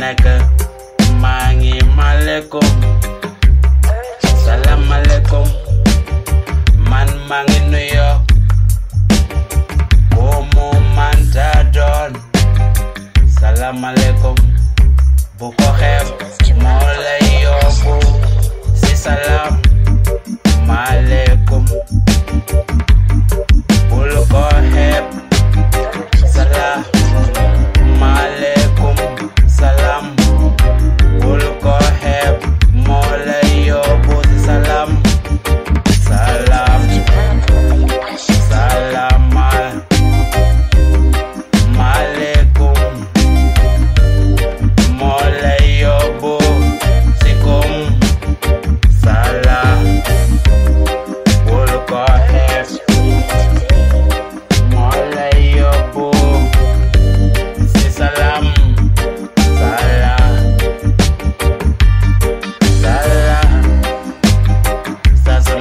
nekk maa ngi maaleykum salaamaaleykum man maa ngi nuyoo ku mu manta bu ko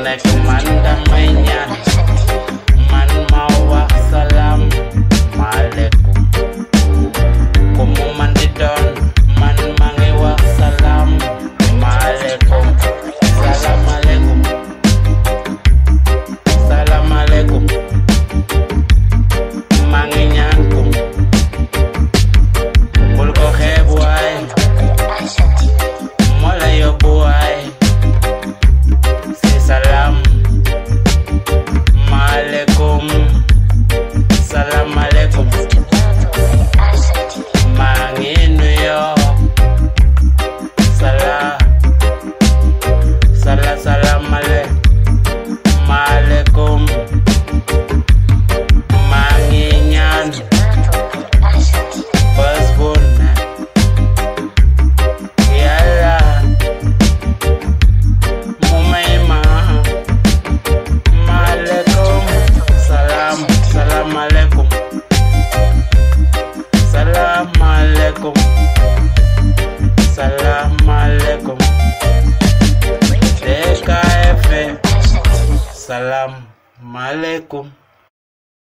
lekk man damay ñaan man ma wax salaam maaleykum ku mu man di doon man ma ngi wax salaam maaleykum salaam kom maa ngi ñaan passeport na yàlla mu may ma maaleykum salaam salaamaleykum salaamaleykum salaamaleykum DKFM salaam maaleykum